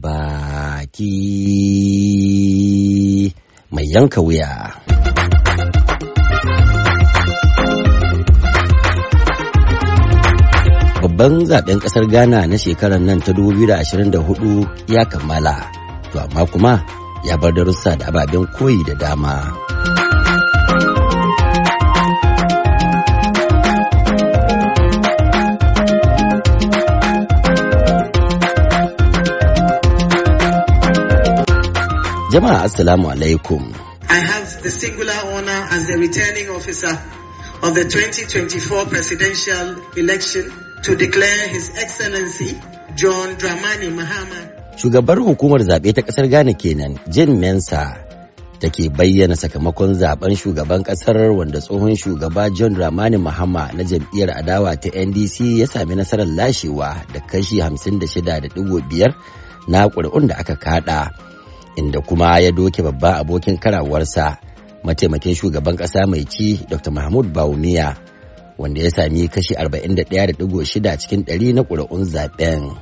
baki mai yanka wuya. Babban zaben kasar Ghana na shekarar nan ta 2024 ya kammala, to amma kuma ya bar darussa da ababen koyi da dama. Jama'a Assalamu alaikum. I have the singular honor as the returning officer of the 2024 presidential election to declare His Excellency John Dramani Mahama. Shugabar hukumar zaɓe ta ƙasar Ghana kenan, Jane Mensa, ta ke bayyana sakamakon zaben shugaban ƙasar wanda tsohon shugaba John Dramani Mahama na jam'iyyar adawa ta NDC ya sami nasarar lashewa da kashi 56.5 na ƙuri'un da aka kada. inda kuma ya doke babban abokin karawarsa mataimakin shugaban ƙasa mai ci dr mahmud bawumiya wanda ya sami kashi 41.6 cikin 100 na ƙuri'un zaben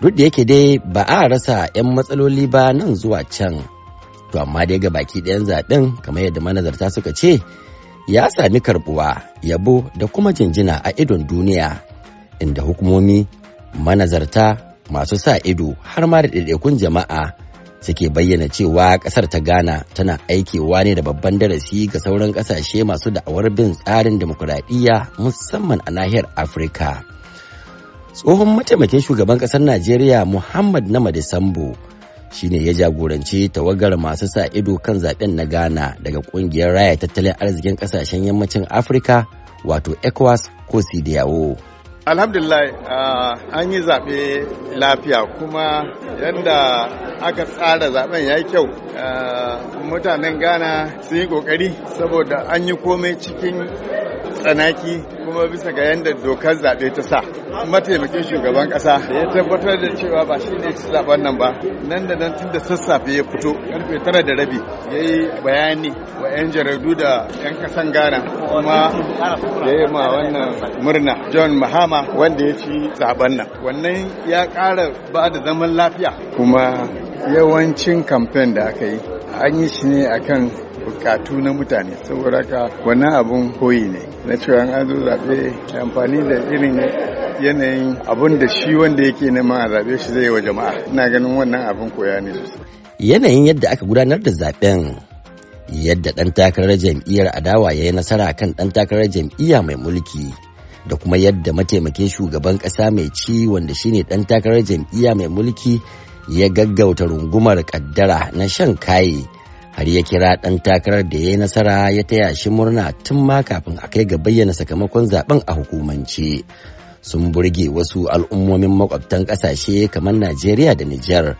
duk da yake dai ba a rasa 'yan matsaloli ba nan zuwa can to amma dai ga baki ɗayan zaben kamar yadda manazarta suka ce ya sami karɓuwa, yabo da kuma jinjina a idon duniya inda hukumomi manazarta masu sa ido har ma da ɗaiɗaikun jama'a suke bayyana cewa kasar ta ghana tana aikewa ne da babban darasi ga sauran kasashe masu da'awar bin tsarin demokuraɗiyya musamman a nahiyar afirka tsohon mataimakin shugaban kasar najeriya muhammad na sambo shine ya jagoranci tawagar masu sa ido kan zaɓen na ghana daga ƙungiyar raya tattalin arzikin kasashen yammacin afirka wato ecowas ko sidiyawo alhamdulillah ah, an yi zaɓe lafiya kuma yadda aka tsara zaben ya yi kyau eh, mutanen ghana sun yi kokari saboda an yi komai cikin tsanaki kuma bisa ga yadda dokar zaɓe ta sa mataimakin shugaban ƙasa ya tabbatar da cewa ba shi ne ci zaɓen nan ba nan da nan tun da sassafe ya fito karfe tara da rabi ya yi bayani wa 'yan jaradu da 'yan kasan ghana kuma ya yi ma wannan murna john mahama wanda ya ci zaɓen nan wannan ya ƙara ba da zaman lafiya kuma yawancin kamfen da aka yi an yi shi ne akan bukatu na mutane saboda ka wannan abun koyi ne na cewa an zo zaɓe amfani da irin yanayin abun da shi wanda yake neman a zaɓe shi zai wa jama'a ina ganin wannan abun koya ne yanayin yadda aka gudanar da zaben yadda ɗan takarar jam'iyyar adawa ya yi nasara kan ɗan takarar jam'iyya mai mulki da kuma yadda mataimakin shugaban ƙasa mai ci wanda shine ɗan takarar jam'iyya mai mulki ya gaggauta rungumar kaddara na shan kaye har ya kira ɗan takarar da ya yi nasara ya taya shi murna tun ma kafin a kai ga bayyana sakamakon zaben a hukumance sun burge wasu al'ummomin makwabtan ƙasashe kamar najeriya da nijar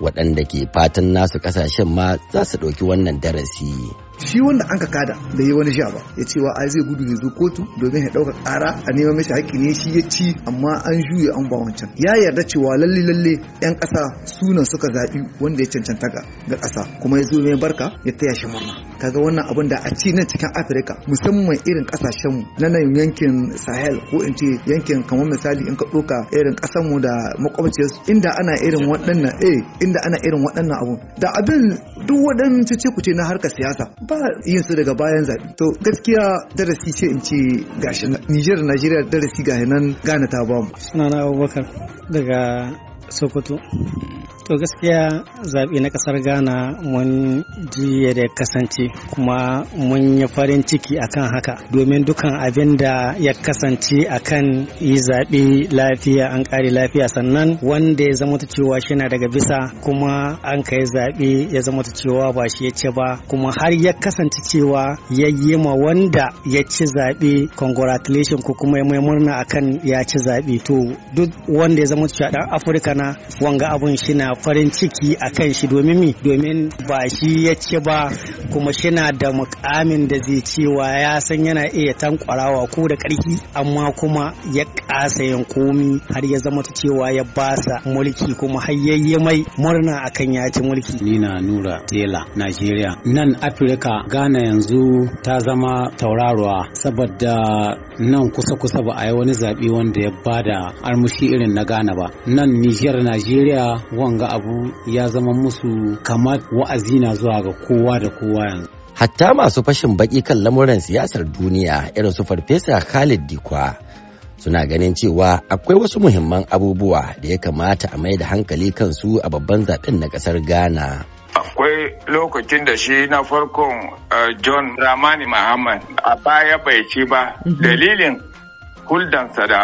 waɗanda ke fatan nasu ƙasashen ma za su ɗauki wannan darasi. shi wanda an ka kada da yi wani sha ba ya cewa ai zai gudu ya zo kotu domin ya ɗauka kara a neman mashi haƙƙi ne shi ya ci amma an juye an ba wancan ya yarda cewa lalle lalle yan ƙasa sunan suka zaɓi wanda ya cancanta ga ƙasa kuma ya zo mai barka ya taya shi murna kaga wannan abin da a ci nan cikin afirka musamman irin ƙasashenmu na nan yankin sahel ko in ce yankin kamar misali in ka ɗauka irin mu da su inda ana irin waɗannan eh inda ana irin waɗannan abun da abin duk waɗannan cece ce na harkar siyasa fara yin su daga bayan zaɓe to gaskiya darasi ce in ce gashi Nijar Najeriya darasi gashi nan Ghana ta bamu sunana Abubakar daga Sokoto to gaskiya zaɓe na ƙasar ghana mun jiya da kasance kuma mun yi farin ciki akan haka domin dukan abin da ya kasance akan yi zaɓe lafiya an ƙare lafiya sannan wanda ya zama cewa shi na daga bisa kuma an kai zaɓe ya zama cewa ba shi ya ce ba kuma har ya kasance cewa ya yi ma wanda ya ci zaɓe congratulation ko kuma ya mai murna akan ya ci zaɓe to duk wanda ya zama cewa ɗan afirka na wanga abun shi na farin ciki a kan shi domin mi domin ba shi ya ce ba kuma shina da mukamin da zai cewa ya san yana iya tankwarawa ko da karfi amma kuma ya kasa yin komi har ya zama ta cewa ya basa mulki kuma hayayye mai murna akan ya ci mulki ni na nura tela nigeria nan afirka ghana yanzu ta zama tauraruwa saboda nan kusa-kusa ba a yi wani zaɓe wanda ya bada armushi irin na ghana ba nan nijar nigeria wanga ga abu ya zama musu kamar wa'azi na zuwa ga kowa da kowa yanzu. Hatta masu fashin baki kan lamuran siyasar duniya irin su farfesa Khalid Dikwa suna ganin cewa akwai wasu muhimman abubuwa da ya kamata a mai da hankali kansu a babban zaɓen na kasar Ghana. akwai lokacin da shi na farkon eh, john ramani muhammad a baya bai ci ba mhm. dalilin huldansa da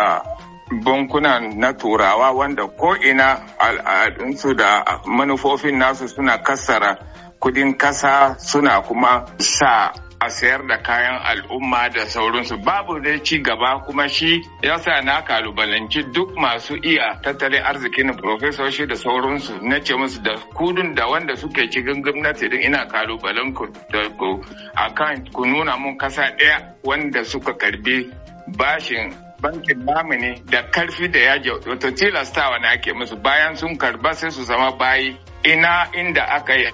bankuna na turawa wanda ko'ina al'adunsu da manufofin nasu suna kassara kudin kasa suna kuma sa a sayar da kayan al'umma da saurinsu, babu dai ci gaba kuma shi ya sa na kalubalanci duk masu iya tattalin arzikin profesoshi da saurinsu, na ce musu da kudin da wanda suke cikin gwamnati din ina kalubalen ku da ku kan ku nuna mun kasa ɗaya wanda suka karbi bashin bankin namu da karfi da yaji wato tilastawa na ake musu bayan sun karba sai su zama bayi ina inda aka yi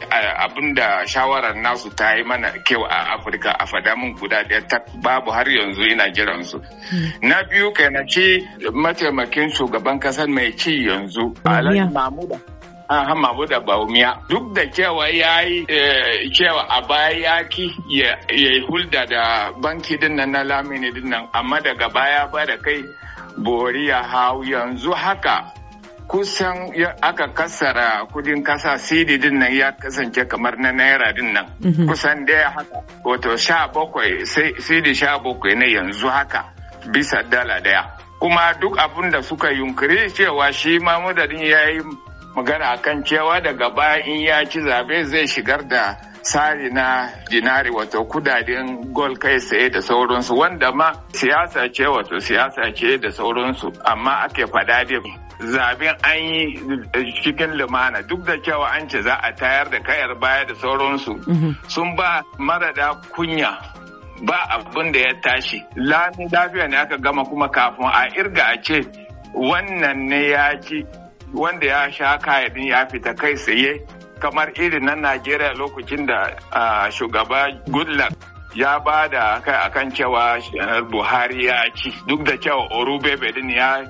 abin da shawarar nasu ta yi mana kyau a afirka a mun guda ɗaya ta babu har yanzu ina jiran su hmm. na biyu kai na ci mataimakin shugaban kasar mai ci yanzu alhaji mahmuda an hama da baumiya duk da cewa ya yi eh, cewa a baya ya ki ya hulda da banki din nan na lamini din nan amma daga baya ba da kai bori ya hau yanzu haka kusan aka kasara kudin kasa CD din nan ya kasance kamar na naira din nan mhm. kusan daya haka wato sha bakwai CD sha bakwai ne yanzu haka bisa dala daya kuma duk abin da suka yunkuri cewa shi ma madadin ya yi magana kan cewa daga baya in ya ci zaɓe zai shigar da tsari na dinari wato kudaden gol kai saye da sauransu wanda ma siyasa ce wato siyasa ce da sauransu amma ake faɗa dai zaben an yi cikin lumana duk da cewa an ce za a tayar da kayar baya da sauransu mhm. sun ba marada kunya ba abin da ya tashi lafiya ne aka gama kuma kafin a irga a ce wannan ne ya ci wanda ya sha kayadin ya fita kai tsaye kamar irin na najeriya lokacin da shugaba goodluck ya ba da kai akan cewa eh, buhari ya ci duk da cewa orube bedin ya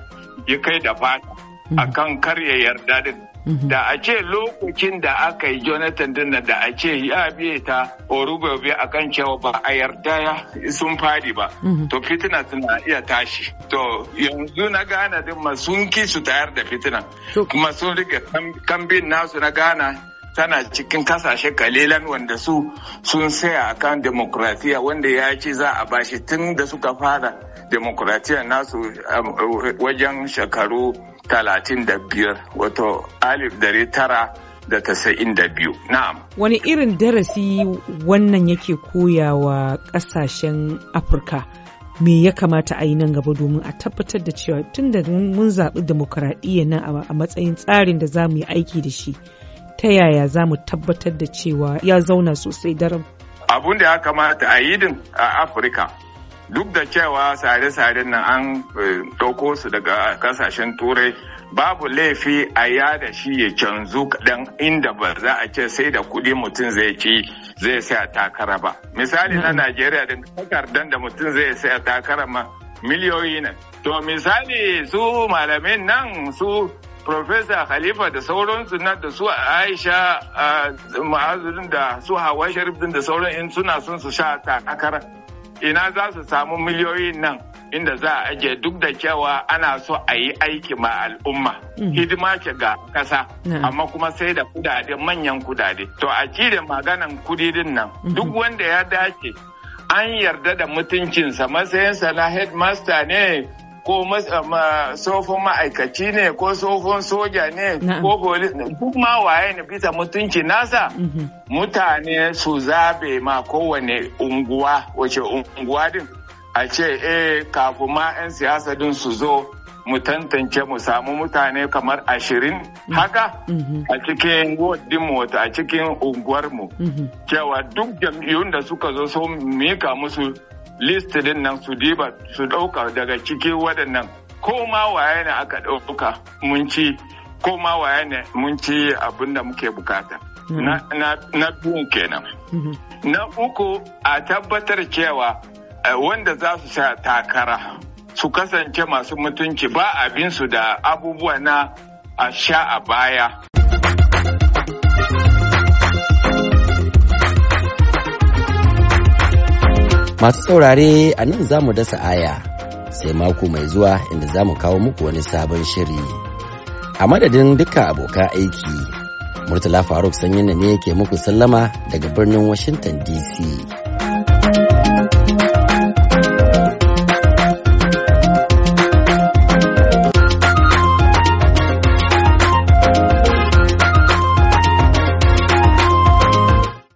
yi kai da fata hmm. akan kar ya yarda din Mhm. da a ce lokacin da aka yi jonathan dinnan da a ce ya biye ta orugo bi a kan cewa ba a yarda ya sun fadi ba mhm. to fitina suna iya tashi to yanzu na gana din ma sun ki su tayar da fitina kuma sun rike kambin nasu na gana tana cikin kasashe kalilan wanda su sun saya a kan demokratiya wanda ya ce za a bashi tun da suka fara demokratiya nasu um, wajen shekaru 35 wato alif dare tara da tasa'in da biyu na'am wani irin darasi wannan yake koyawa kasashen afirka me ya kamata a yi nan gaba domin a tabbatar da cewa tun da mun zaɓi demokuraɗiyya nan a matsayin tsarin da za mu yi aiki da shi ta yaya za mu tabbatar da cewa ya zauna sosai daram abun da ya kamata a yi a afirka duk da cewa sare-saren nan an eh, ɗauko su daga kasashen turai babu laifi a yada shi ya canzu kaɗan inda ba za a ce sai da kuɗi mutum zai ci zai saya takara ba misali na najeriya da takardan da mutum zai saya takara ma miliyoyi ne to misali su malamin nan su Profesa Khalifa da sauransu na da su Aisha ma'azurin da su Hawa Sharif din da sauran in suna sun su sha takakar ina za su samu miliyoyin nan inda za a ajiye duk da cewa ana so a yi aiki ma al'umma mm. hidima ke ga ƙasa. amma kuma sai da kudade manyan kudade to a cire maganan kudidin nan mm-hmm. duk wanda ya dace an yarda da mutuncinsa matsayinsa na headmaster ne ko tsofin ma'aikaci ne ko tsofin soja ne ko polis ne duk ma waye ne bisa mutunci nasa mhm. mutane su zabe ma kowane unguwa wace unguwa din a ce eh kafin ma 'yan siyasa din su zo mu tantance mu samu mutane kamar ashirin haka mhm. a cikin mu mota a cikin unguwarmu mhm. cewa duk jam'iyyun da suka zo so mika musu list din nan su diba su dauka daga ciki waɗannan ko ma waye ne aka ɗauka mun ci ko ma waye ne mun ci abin da muke bukata mhm. na biyun kenan na uku a tabbatar cewa eh, wanda za su sha takara su kasance masu mutunci ba abin su da abubuwa na a sha a baya. Masu saurare a nan za mu dasa aya sai mako mai zuwa inda za mu kawo muku wani sabon shiri. A madadin duka abokan aiki, Murtala Faruk sanyin ne ke muku sallama daga birnin Washington DC.